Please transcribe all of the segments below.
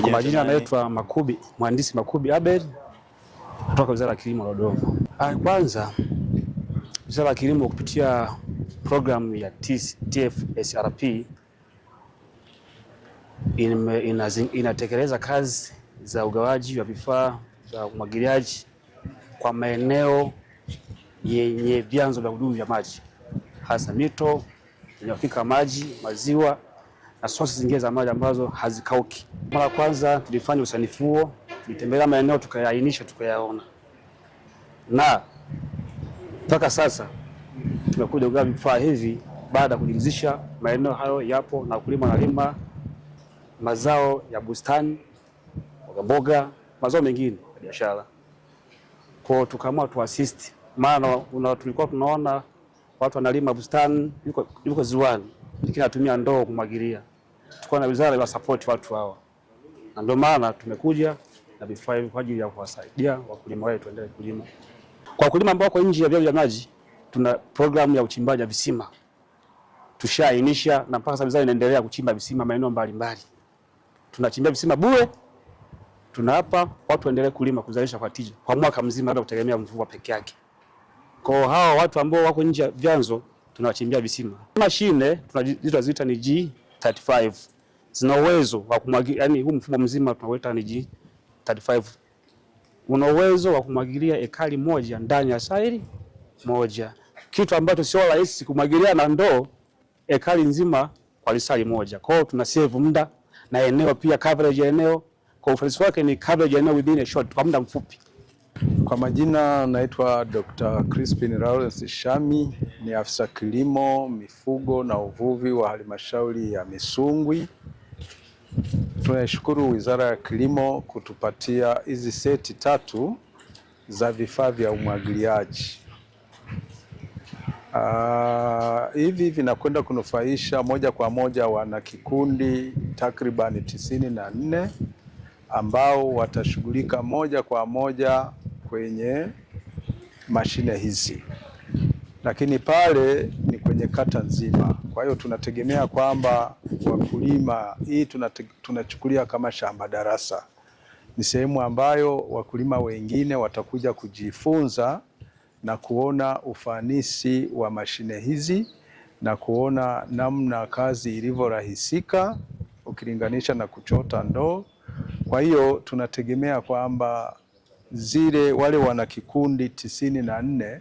Kwa majina anaitwa Makubi, Mhandisi Makubi Abel kutoka Wizara ya Kilimo dodoma ah, Kwanza Wizara ya Kilimo kupitia programu ya TFSRP inatekeleza kazi za ugawaji wa vifaa vya umwagiliaji kwa maeneo yenye vyanzo vya udumu vya maji hasa mito inayofika maji, maziwa na sources zingine za maji ambazo hazikauki. Mara kwanza tulifanya usanifu huo, tulitembelea maeneo tukayaainisha, tukayaona, na mpaka sasa tumekuja kugawa vifaa hivi baada ya kujiridhisha maeneo hayo yapo na wakulima wanalima mazao ya bustani, mbogamboga, mazao mengine ya biashara. Kwa tukaamua tuasisti, maana tulikuwa tunaona watu wanalima bustani yuko, yuko ziwani, lakini anatumia ndoo kumwagilia tutakuwa na wizara ya support watu hawa, na ndio maana tumekuja na vifaa hivi kwa ajili ya kuwasaidia wakulima wetu endelee kulima. Kwa wakulima ambao wako nje ya vyanzo vya maji, tuna programu ya uchimbaji wa visima tushaainisha, na mpaka sasa wizara inaendelea kuchimba visima maeneo mbalimbali. Tunachimbia visima bure, tunawapa watu waendelee kulima kuzalisha kwa tija kwa mwaka mzima bila kutegemea mvua peke yake. Kwa hawa watu ambao wako nje ya vyanzo tunawachimbia visima. Mashine tunaziita ni G 35 zina uwezo wa kumwagilia, yani huu mfumo mzima tunauita ni G 35 una uwezo wa kumwagilia ekari moja ndani ya saili moja, kitu ambacho sio rahisi kumwagilia na ndoo ekari nzima kwa lisali moja. Kwa hiyo tuna save muda na eneo pia, coverage ya eneo. Kwa ufanisi wake ni coverage ya eneo within a short, kwa muda mfupi. Kwa majina naitwa Dr. Crispin Lawrence Shami, ni afisa kilimo, mifugo na uvuvi wa halmashauri ya Misungwi. Tunashukuru Wizara ya Kilimo kutupatia hizi seti tatu za vifaa vya umwagiliaji. Ah, hivi vinakwenda kunufaisha moja kwa moja wana kikundi takribani tisini na nne ambao watashughulika moja kwa moja kwenye mashine hizi, lakini pale ni kwenye kata nzima. Kwa hiyo tunategemea kwamba wakulima, hii tunachukulia kama shamba darasa, ni sehemu ambayo wakulima wengine watakuja kujifunza na kuona ufanisi wa mashine hizi na kuona namna kazi ilivyorahisika ukilinganisha na kuchota ndoo. Kwa hiyo tunategemea kwamba zile wale wana kikundi tisini na nne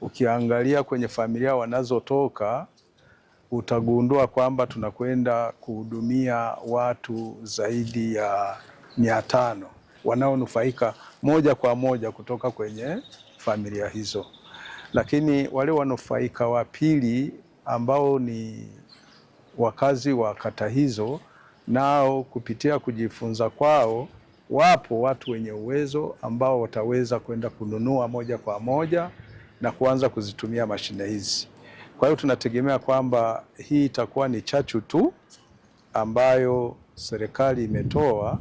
ukiangalia kwenye familia wanazotoka utagundua kwamba tunakwenda kuhudumia watu zaidi ya mia tano wanaonufaika moja kwa moja kutoka kwenye familia hizo, lakini wale wanufaika wa pili ambao ni wakazi wa kata hizo, nao kupitia kujifunza kwao wapo watu wenye uwezo ambao wataweza kwenda kununua moja kwa moja na kuanza kuzitumia mashine hizi. Kwa hiyo tunategemea kwamba hii itakuwa ni chachu tu ambayo serikali imetoa,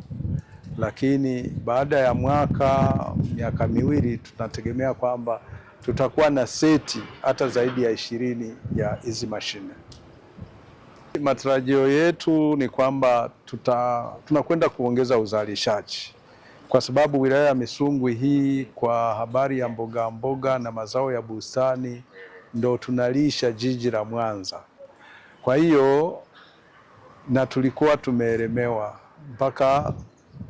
lakini baada ya mwaka miaka miwili tunategemea kwamba tutakuwa na seti hata zaidi ya ishirini ya hizi mashine. Matarajio yetu ni kwamba tuta, tunakwenda kuongeza uzalishaji kwa sababu wilaya ya Misungwi hii kwa habari ya mboga mboga na mazao ya bustani ndo tunalisha jiji la Mwanza. Kwa hiyo na tulikuwa tumeelemewa mpaka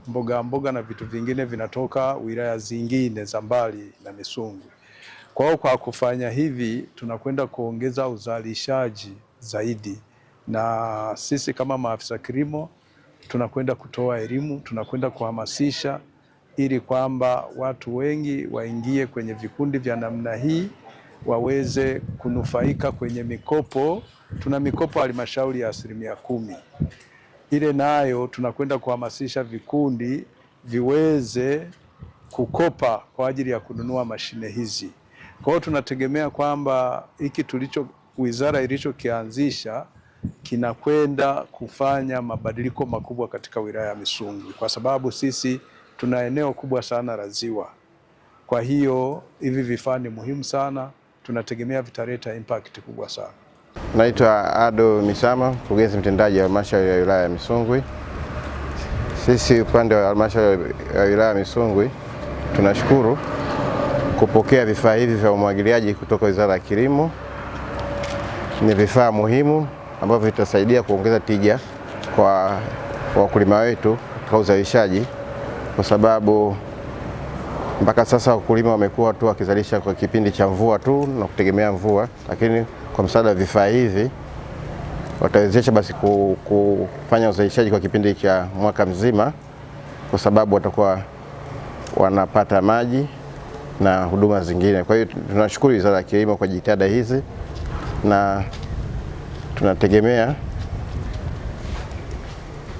mboga mboga na vitu vingine vinatoka wilaya zingine za mbali na Misungwi. Kwa hiyo kwa kufanya hivi tunakwenda kuongeza uzalishaji zaidi na sisi kama maafisa kilimo tunakwenda kutoa elimu, tunakwenda kuhamasisha ili kwamba watu wengi waingie kwenye vikundi vya namna hii waweze kunufaika kwenye mikopo. Tuna mikopo halmashauri ya asilimia kumi, ile nayo tunakwenda kuhamasisha vikundi viweze kukopa kwa ajili ya kununua mashine hizi. Kwa hiyo tunategemea kwamba hiki tulicho wizara ilichokianzisha kinakwenda kufanya mabadiliko makubwa katika wilaya ya Misungwi, kwa sababu sisi tuna eneo kubwa sana la ziwa. Kwa hiyo hivi vifaa ni muhimu sana, tunategemea vitaleta impact kubwa sana. Naitwa Ado Misama, mkurugenzi mtendaji wa halmashauri ya wilaya ya Misungwi. Sisi upande wa halmashauri ya wilaya ya Misungwi tunashukuru kupokea vifaa hivi vya umwagiliaji kutoka Wizara ya Kilimo. Ni vifaa muhimu ambavyo vitasaidia kuongeza tija kwa wakulima wetu katika uzalishaji, kwa sababu mpaka sasa wakulima wamekuwa tu wakizalisha kwa kipindi cha mvua tu na kutegemea mvua, lakini kwa msaada wa vifaa hivi watawezesha basi kufanya uzalishaji kwa kipindi cha mwaka mzima, kwa sababu watakuwa wanapata maji na huduma zingine. Kwa hiyo tunashukuru Wizara ya Kilimo kwa jitihada hizi na tunategemea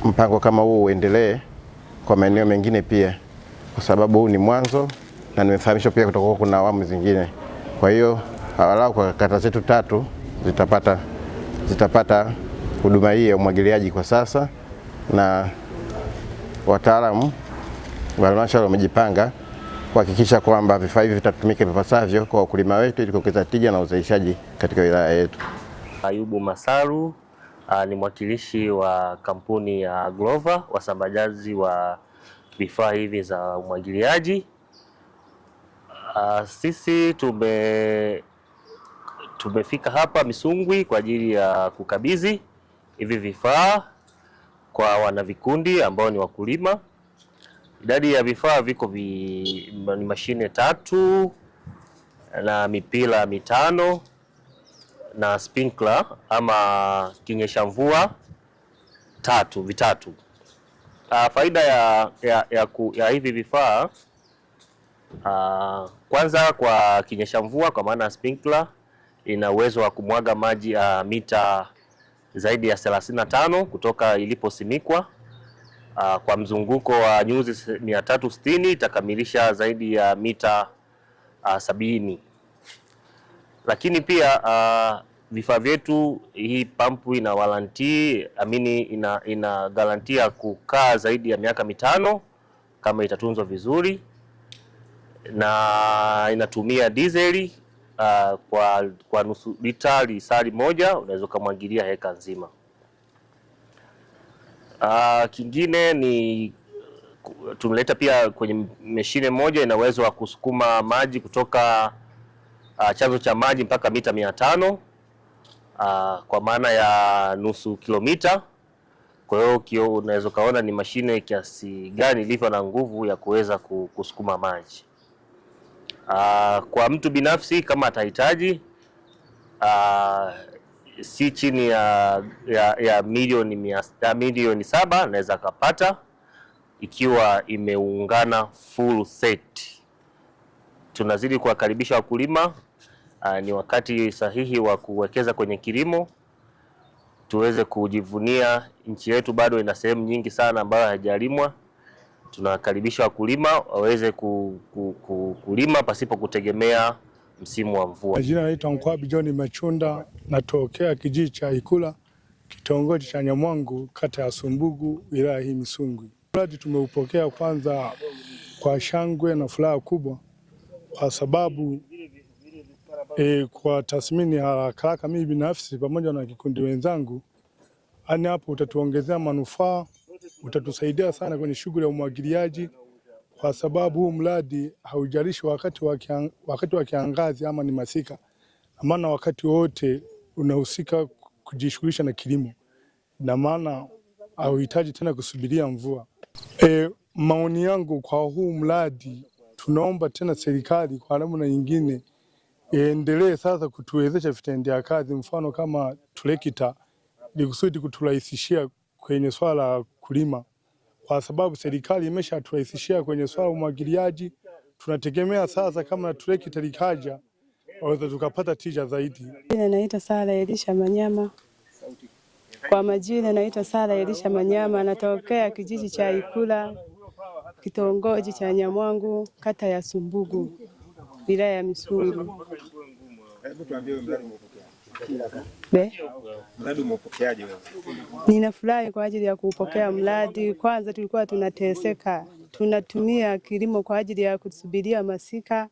mpango kama huu uendelee kwa maeneo mengine pia, kwa sababu huu ni mwanzo na nimefahamishwa pia kutakuwa kuna awamu zingine. Kwa hiyo angalau kwa kata zetu tatu zitapata zitapata huduma hii ya umwagiliaji kwa sasa, na wataalamu wa halmashauri wamejipanga kuhakikisha kwamba vifaa hivi vitatumika vipasavyo kwa wakulima wetu ili kuongeza tija na uzalishaji katika wilaya yetu. Ayubu Masaru uh, ni mwakilishi wa kampuni ya Glova wasambazaji wa vifaa hivi za umwagiliaji. Ah, sisi tume tumefika hapa Misungwi kwa ajili ya kukabidhi hivi vifaa kwa wanavikundi ambao ni wakulima. Idadi ya vifaa viko vi, ni mashine tatu na mipira mitano na sprinkler ama kinyesha mvua tatu vitatu. Uh, faida ya, ya, ya, ku, ya hivi vifaa uh, kwanza kwa kinyesha mvua kwa maana sprinkler ina uwezo wa kumwaga maji uh, mita zaidi ya 35 kutoka iliposimikwa uh, kwa mzunguko wa nyuzi 360 itakamilisha zaidi ya mita uh, sabini lakini pia uh, vifaa vyetu, hii pampu ina waranti amini, ina ina garantia kukaa zaidi ya miaka mitano kama itatunzwa vizuri, na inatumia dizeli uh, ah, kwa kwa nusu lita lisali moja unaweza ukamwagilia heka nzima. Uh, kingine ni tumeleta pia kwenye mashine moja ina uwezo wa kusukuma maji kutoka uh, chanzo cha maji mpaka mita mia tano uh, kwa maana ya nusu kilomita. Kwa hiyo unaweza ukaona ni mashine kiasi gani ilivyo na nguvu ya kuweza kusukuma maji. Uh, kwa mtu binafsi kama atahitaji uh, si chini ya, ya, ya milioni mia, ya milioni saba naweza akapata ikiwa imeungana full set. Tunazidi kuwakaribisha wakulima uh, ni wakati sahihi wa kuwekeza kwenye kilimo tuweze kujivunia nchi yetu. Bado ina sehemu nyingi sana ambayo haijalimwa. Tunakaribisha wakulima waweze ku, ku, ku, kulima pasipo kutegemea msimu wa mvua. Jina naitwa Nkwabi John Machunda, natokea kijiji cha Ikula, kitongoji cha Nyamwangu, kata ya Sumbugu, wilaya hii Misungwi. Mradi tumeupokea kwanza kwa shangwe na furaha kubwa kwa sababu E, kwa tathmini haraka haraka, mimi binafsi pamoja na kikundi wenzangu, yani hapo utatuongezea manufaa, utatusaidia sana kwenye shughuli ya umwagiliaji, kwa sababu huu mradi haujalishi wakati wa kiang, wakati wa kiangazi ama ni masika, maana wakati wote unahusika kujishughulisha na kilimo, na maana hauhitaji tena kusubiria mvua. E, maoni yangu kwa huu mradi, tunaomba tena serikali kwa namna nyingine iendelee sasa kutuwezesha vitendea kazi, mfano kama trekta, likusudi kusudi kuturahisishia kwenye swala la kulima, kwa sababu serikali imeshaturahisishia kwenye swala umwagiliaji. Tunategemea sasa kama trekta likaja, waweza tukapata tija zaidi. naitwa Sara Elisha Manyama. Kwa majina naitwa Sara Elisha Manyama, natokea kijiji cha Ikula, kitongoji cha Nyamwangu, kata ya Sumbugu wilaya ya Misungwi. Ninafurahi kwa ajili ya kupokea mradi. Kwanza tulikuwa tunateseka, tunatumia kilimo kwa ajili ya kusubiria masika,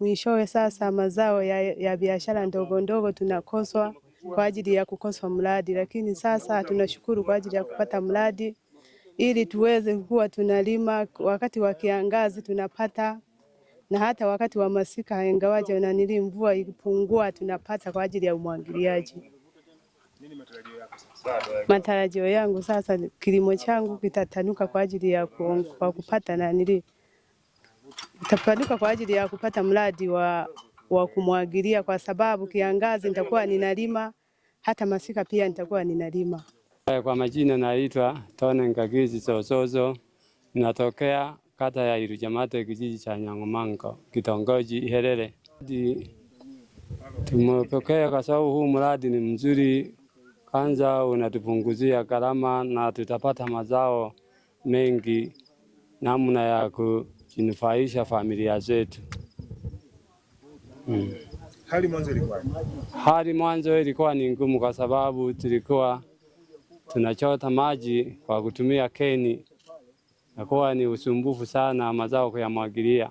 mwishowe sasa mazao ya, ya biashara ndogo ndogo tunakoswa kwa ajili ya kukoswa mradi, lakini sasa tunashukuru kwa ajili ya kupata mradi ili tuweze kuwa tunalima wakati wa kiangazi tunapata na hata wakati wa masika ingawaje na nili mvua ikipungua tunapata kwa ajili ya umwagiliaji. Matarajio yangu sasa kilimo changu kitatanuka kwa ajili ya kwa kupata na nili kitatanuka kwa ajili ya kupata mradi wa, wa kumwagilia kwa sababu kiangazi nitakuwa ninalima hata masika pia nitakuwa ninalima. Kwa majina naitwa Tone Ngagizi Zozozo, natokea kata ya Ilujamate kijiji cha Nyangomango kitongoji Ihelele. Tumepokea kwa sababu huu mradi ni mzuri, kwanza unatupunguzia gharama na tutapata mazao mengi, namna ya kujinufaisha familia zetu. Hmm. Hali mwanzo ilikuwa, hali mwanzo ilikuwa ni ngumu kwa sababu tulikuwa tunachota maji kwa kutumia keni nakuwa ni usumbufu sana mazao kuyamwagilia.